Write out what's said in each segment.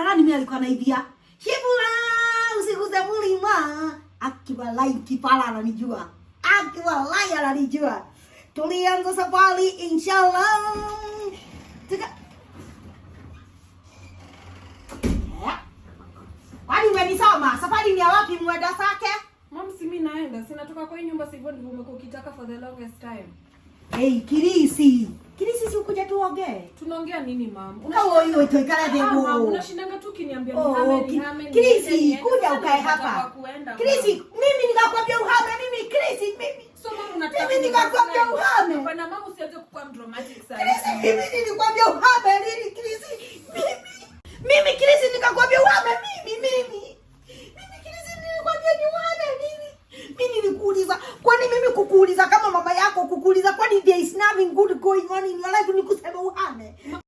Kibarani mimi alikuwa anaibia. Kibula usiguze akiwa Akibalai kipala ananijua. akiwa Akibalai ananijua. Tulianza safari inshallah. Tuka... Eh? Wani umenisoma? Safari ni ya wapi mwenda sake? Mom, si mimi naenda. Sinatoka kwa hii nyumba sivyo ndivyo umekuwa ukitaka for the longest time. Hey, kirisi. Kini sisi ukuja tu ongee. Tunaongea nini mama? Unaona hiyo itoikala debu. Mama unashindanga tu kiniambia ni oh, hame ni hame. Krisi kuja ukae hapa. Krisi mimi nikakwambia uhame mimi Krisi mimi. So mama unataka mimi nikakwambia uhame. Bwana mama usianze kukuwa dramatic sana. Krisi mimi nilikwambia uhame lini Krisi? good going on in your life.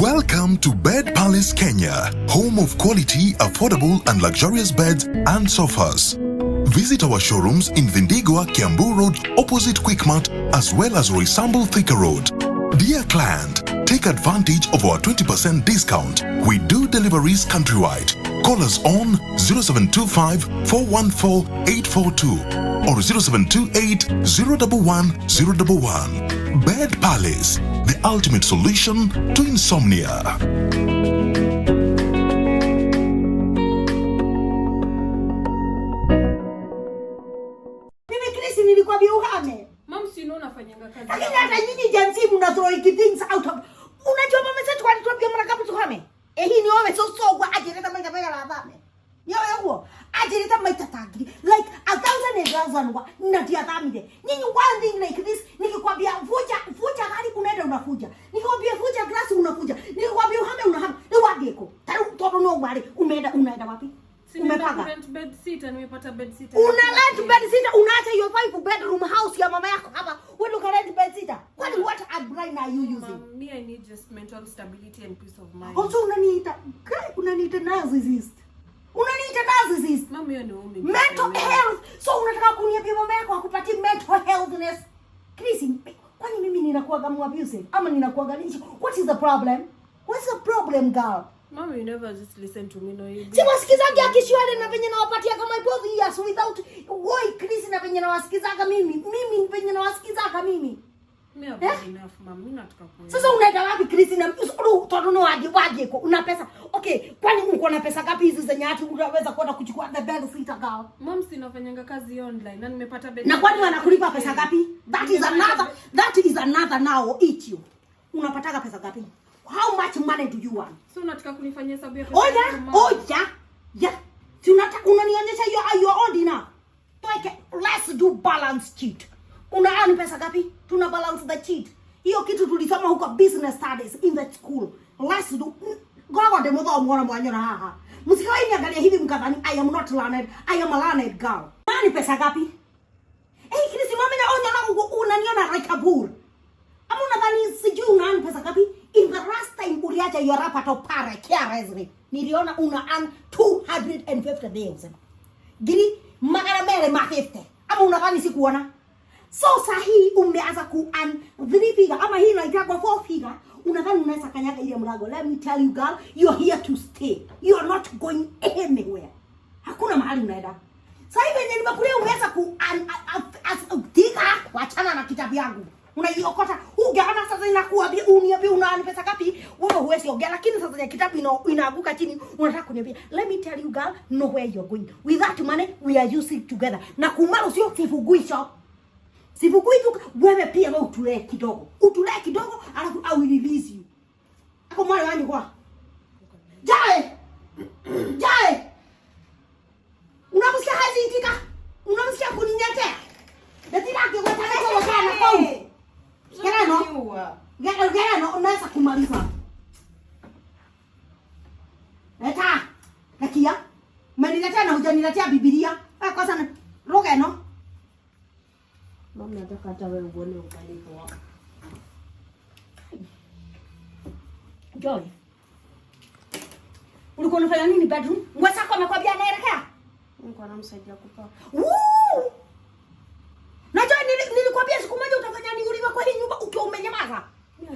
Welcome to Bed Palace Kenya, home of quality, affordable, and luxurious beds and sofas. Visit our showrooms in Vindigua, Kiambu Road, opposite Quickmart, as well as Resamble Thika Road. Dear client, take advantage of our 20% discount. We do deliveries countrywide. Call us on 0725 414 842 or 0728 011 011. Bed Palace, the ultimate solution to insomnia. unakuja nikwambia vuja glasi unakuja nikwambia uhame unahama wapi ko Tayari mtoto no wale umeenda unaenda wapi umepaka una bed sitter nimepata bed sitter una rent bed sitter unaacha hiyo five bedroom house ya mama yako hapa wewe uka rent bed sitter kwani mm. what a brain are you using Mom, me i need just mental stability and peace of mind also unaniita kai unaniita narcissist unaniita narcissist mama hiyo ni mimi. mental health so unataka kuniambia mama yako akupatie mental healthness Chris ninakuwaga mu abusive ama ninakuwaga nini? What is the problem? What's the problem girl? Mama, you never just listen to me no hivi. Si wasikizagi akishwale na venye nawapatia kama ipozi yes without why Chris na venye nawasikizaga mimi. Mimi venye nawasikizaga mimi. Sasa unaenda wapi Na Kristina? Usiku waje waje kwa una pesa. Okay, kwani uko na pesa gapi hizi zenye hata unaweza kwenda kuchukua the bed sita gao? Mom, si nafanyanga kazi online na nimepata bed. Na kwani wanakulipa pesa gapi? That is another that is another now eat you. Unapataga pesa gapi? How much money do you want? So unataka kunifanyia hesabu ya pesa? Oja, oja. Yeah. Si unataka unanionyesha hiyo hiyo odina. Toike, let's do balance sheet. Una earn pesa gapi? Tuna balance the cheat. Hiyo kitu tulisoma huko business studies in the school. Last do gogo de motho mwona mwanyora haha. Msikawa ini angalia hivi mkadhani I am not learned. I am a learned girl. Nani pesa gapi? Eh, kile simama na onyo na ngugu unaniona like a bull. Ama unadhani sijui una earn pesa gapi? In the last time uliacha your rapa to para kia Niliona una earn 250,000. Gini, magana mbele ma 50. Ama unadhani sikuona? So sahi umeanza an three figure ama hii inaitwa kwa four figure, unadhani unaweza kanyaga ile mlango. Let me tell you girl, you are here to stay. You are not going anywhere. Hakuna mahali unaenda. Sasa hivi yenyewe nimekulia umeanza ku an as diga, wachana na kitabu yangu. Unaiokota. Ungeona sasa inakuambia uniambia unaani pesa ngapi? Wewe huwezi ongea lakini sasa ya kitabu ina, inaanguka chini unataka kuniambia. Let me tell you girl, nowhere you're going. With that money we are using together. Na kumara sio sifugui Sivyokuitu wewe pia wewe utulee kidogo. Utulee kidogo alafu I will release you. Ako mwana wani kwa. Jae. Jae. Unamsikia hazi itika? Unamsikia kuninyetea? Nataka kukutangaza kwa kana kwa. Kana no. Gara gara no unaweza kumaliza. Eta. Nakia. Mmeniletea na hujaniletea Biblia. Nataka hata wewe uone ubadiliko wako. Joy. Ulikuwa unafanya nini bedroom? Mwenzako amekwambia anaelekea? Nilikuwa namsaidia kupaa. Woo! Na nilikwambia siku moja utafanya nini kwa hii nyumba ukiwa umenyamaza?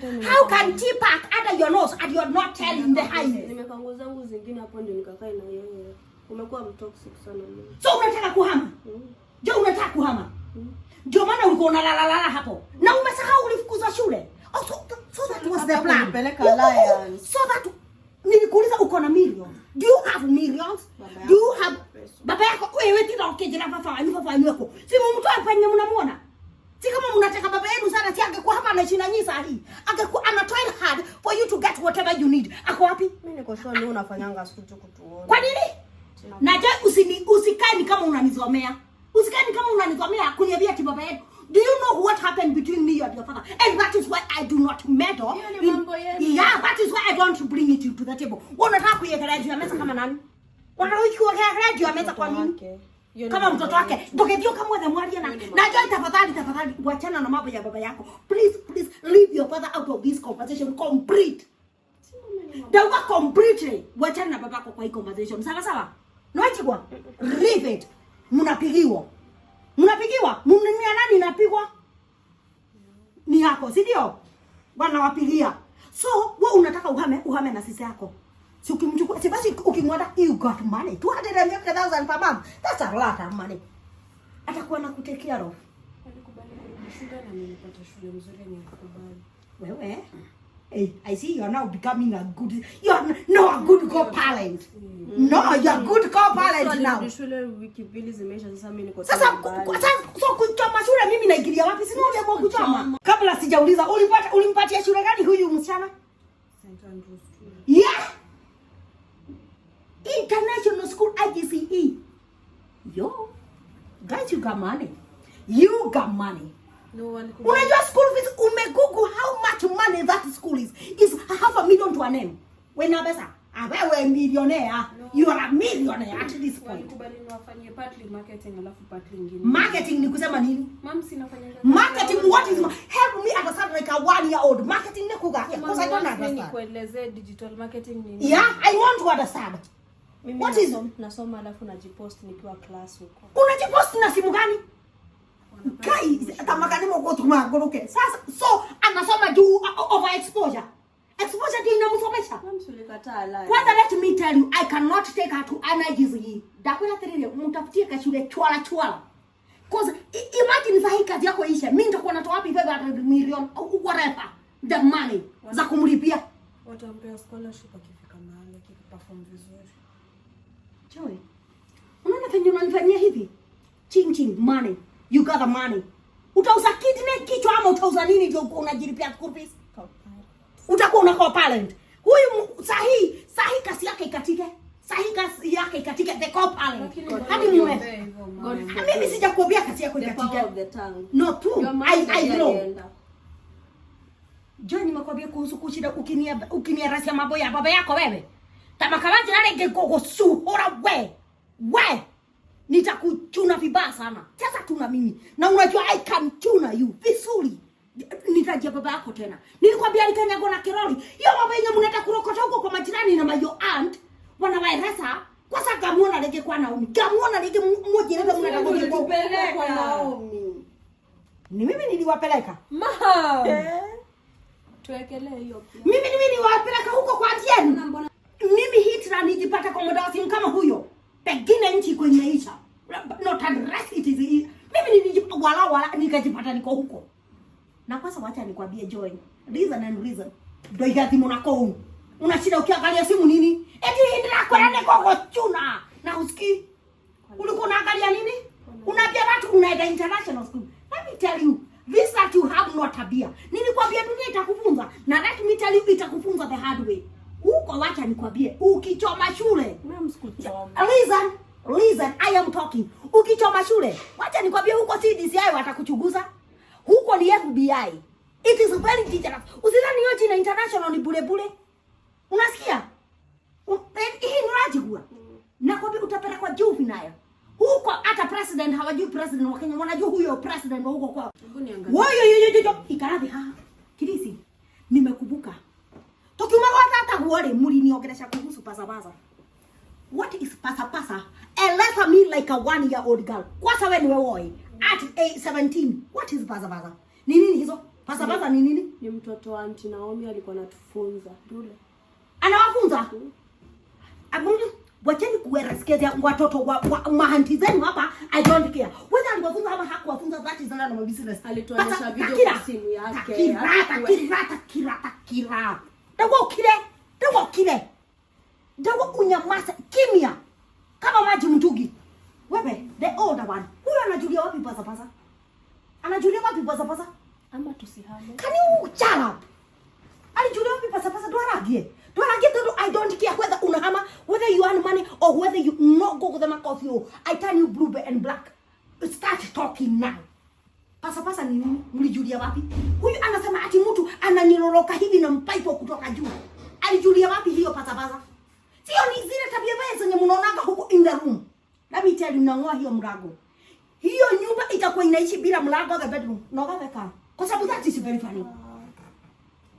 How can tea pack under your nose and you're not telling the highness? Nimekuwa zangu zingine hapo ndio nikakaa na yeye. Umekuwa mtoxic sana mimi. So unataka kuhama? Mm. Jo unataka kuhama? Mm. Ndio maana ulikuwa unalalala hapo na umesahau ulifukuzwa shule. Oh, so, so that was the plan. So that nilikuuliza uko na million. Do you have millions? Do you have baba yako wewe tena ukijina fafa ni fafa ni wako. Si mumtoa afanye mnamuona. Si kama mnataka baba yenu sana si angekuwa hapa anaishi na nyinyi hii. Angekuwa ana try hard for you to get whatever you need. Ako wapi? Mimi niko sure ni unafanyanga siku tu kutuona. Kwa nini? Na je usini usikae ni kama unanizomea. Usikani kama unanikwamia kuniambia ati baba yetu. Do you know what happened between me and your father? And that is why I do not meddle. In, yeah, that is why I don't bring it to the table. Unataka kuiekelea juu ya meza kama nani? Unataka kuiekelea juu ya meza kwa nini? Kama mtoto wake. Ndokethio kama wewe mwalia na. Najua tafadhali tafadhali wachana na mambo ya baba yako. Please please leave your father out of this conversation complete. Dawa completely. Wachana na babako kwa hii conversation. Sawa sawa? Noachi kwa? Leave it mnapigiwa, mnapigiwa mnunia nani napigwa ni yako, si ndio? Wanawapigia. So wewe unataka uhame, uhame na sisi yako si ukimchukua si basi, ukimwada you got money 250,000 per month, that's a lot of money. Atakuwa na kutekia roho. Alikubali kunishinda na nilipata shule nzuri, nikakubali wewe Hey, I see you are now becoming a good. You are no a good co-parent. Mm. No, you are good co-parent now. Shule wiki mbili zimeisha sasa mimi niko Sasa sasa kuchoma shule mimi naingilia wapi? Sina ule kwa kuchoma. Kabla sijauliza ulipata ulimpatia shule gani huyu msichana? St. Andrews School. Yeah. International School IGCE. Yo. Guys, you got money. You got money. No one Unajua school fees umegoogle how much money that school is. Is half a million to a name. Wena pesa. Awewe ah, millionaire. No. You are a millionaire at this point. Walikubali partly marketing alafu partly nyingine. Marketing ni kusema nini? sinafanya Marketing what is help me understand like a one year old. Marketing ni kuga. Because I don't understand. Nikuelezee digital marketing nini? Yeah, I want to understand. Mimi nasoma alafu najipost nikiwa class huko. Unajipost na simu gani? Guys, tamakani moko tumangoroke. Sasa so anasoma juu over exposure. Exposure ndio inamsomesha. Kwanza let me tell you, I cannot take her to energies hii. Dakuna tirire, mtafutie kashule chwala chwala. Cause imagine sasa hii kazi yako isha. Mimi nitakuwa natoa wapi 500 million au whatever the money za kumlipia. Watampea scholarship akifika mahali akiperform vizuri. Joy. Unaona venye unanifanyia hivi? Ching ching money. You got the money. Utauza kidney kichwa ama utauza nini ndio uko unajilipia school fees? Utakuwa una parent Huyu sahi sahi kasi yake ikatike. Sahi kasi yake ikatike the co-parent. Hadi wewe. Ah, mimi sijakuambia kasi yako ikatike. No tu. I I know. John nimekwambia kuhusu kushida ukinia ukinia rasia mambo ya baba yako wewe. Kama kama jana ingekuwa kusuhura we. We nitakuchuna vibaya sana. Sasa tuna mimi na unajua I can chuna you vizuri. Nitajia baba yako tena, nilikwambia nikanyago na kiroli hiyo mambo yenye mnaenda kurokota huko kwa majirani na my aunt wanawaeleza sababu gamuona lege kwa Naomi gamuona lege mmoja leo mnaenda kwa Naomi. Ni mimi niliwapeleka ma eh, tuwekelee hiyo pia. Mimi mimi niliwapeleka huko kwa Atieno. Mimi hitra nijipata kwa simu kama huyo nikajipata niko huko. Na kwanza wacha nikwambie Joy, reason and reason. Ndio igathi mnako huko. Una shida ukiangalia simu nini? Eti ndira kwa niko kwa chuna. Na usikii. Ulikuwa unaangalia nini? Unaambia watu unaenda international school. Let me tell you, this that you have no tabia. Nilikwambia dunia itakufunza na let me tell you itakufunza the hard way. Huko wacha nikwambie, ukichoma shule. Mimi msikuchoma. Reason, reason I am talking ukichoma shule, wacha nikwambie, huko CDCI watakuchunguza, huko ni FBI. It is very dangerous. Usidhani hiyo jina international ni bure bure. Unasikia? Eh, hii ni rajigua. Na kwa utapelekwa juu vinayo. Huko hata president hawajui president wa Kenya, wanajua huyo president wa huko kwao. Woyo yoyo yoyo ikarathi ha. Kirisi. Nimekumbuka. Tukiuma kwa tata huole muri niongelesha kuhusu pasa pasa what is pasa pasa? a Eleza me like a one year old girl. Kwanza wewe ni wewe at age 17. What is pasa pasa? Ni nini hizo? Pasa pasa ni nini? Ni mtoto wa Auntie Naomi alikuwa anatufunza. Dule. Anawafunza? Mm. abundu wacheni kuwereskezea watoto wa, wa mahanti zenu hapa. I don't care. Whether aliwafunza ama hakuwafunza that is none of my business. Alituonyesha video kwa simu yake. Kirata, kirata, kirata, kirata. Dawa ukile. Dawa ukile. Dawa unyamaza kimya kama maji mtugi. Wewe the older one. huyo anajulia wapi pasa pasa? Anajulia wapi pasa pasa? Ama tusihame. Can you shut up? Alijulia wapi pasa pasa twaragie. Twaragie tondu I don't care whether unahama, whether you earn money or whether you no go with the mark of you. I turn you blue and black. Start talking now. Pasa pasa ni nini? Mlijulia wapi? Huyu anasema ati mtu ananiroroka hivi na mpaipo kutoka juu. Alijulia wapi hiyo pasa pasa? Sio ni zile tabia mbaya zenye mnaonaga huko in the room. Let me tell you, mnang'oa hiyo mlango. Hiyo nyumba itakuwa inaishi bila mlango the bedroom. Noga weka. Kwa sababu that is very funny.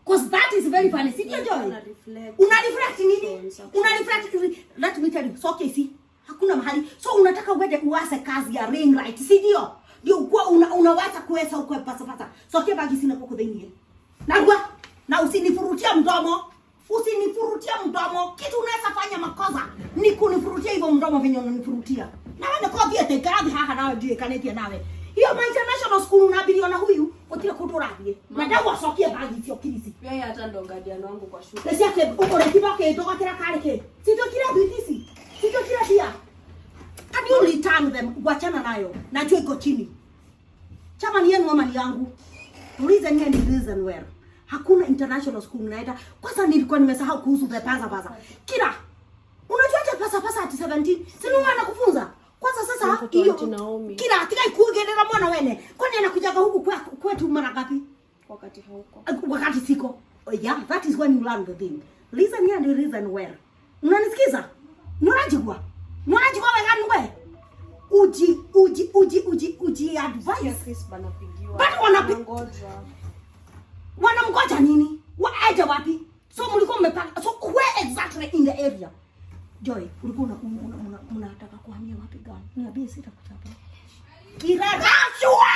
Cause that is very funny. Sio ndio joy? Una reflect nini? Una reflect let me tell you. So okay, see. Hakuna mahali. So unataka uende uwase kazi ya rain light, si ndio? Ndio kwa una, unawaza kuweza uko pasa pasa. So kia bagi sina kwa kudhini. Nagwa na usinifurujia mdomo. Usini hiyo mdomo, kitu unaweza fanya makosa ni kunifurutia hivyo mdomo venye unanifurutia. Na wewe pia te tekadi haha na wewe je kanetia nawe. Hiyo my international school unabiliwa na huyu utire kutorathie. Madau acokie bagi sio kirisi. Wewe hata ndo guardian wangu kwa shule. Pesa ke uko na kibao ke toka kila kale ke. Sito kila bitisi. Sito kila pia. Hadi uli turn them wachana nayo. Najua iko chini. Chama ni yenu mama ni yangu? Tulize nini reason where hakuna international school mnaenda. Kwanza nilikuwa nimesahau kuhusu the pasa pasa. Kila unajua cha pasa pasa ati 17 sinu mwana kufunza. Kwanza sasa hiyo kila atika ikuogelera mwana wene. Kwani anakujaga huku kwetu mara ngapi? Wakati huko. Wakati siko. Oh, yeah, that is when you learn the thing. Listen here and listen well. Unanisikiza? Nurajigwa. Nurajigwa wewe ngwe. Uji uji uji uji uji advice. Yes, yes, banapigiwa. Bado wanapigiwa. Wanamgoja nini? Waaje wapi? So mlikuwa mmepanga. So where exactly in the area? Joy, ulikuwa una unataka kuhamia wapi gani? Niambie sitakuchapa. Kirarashwa.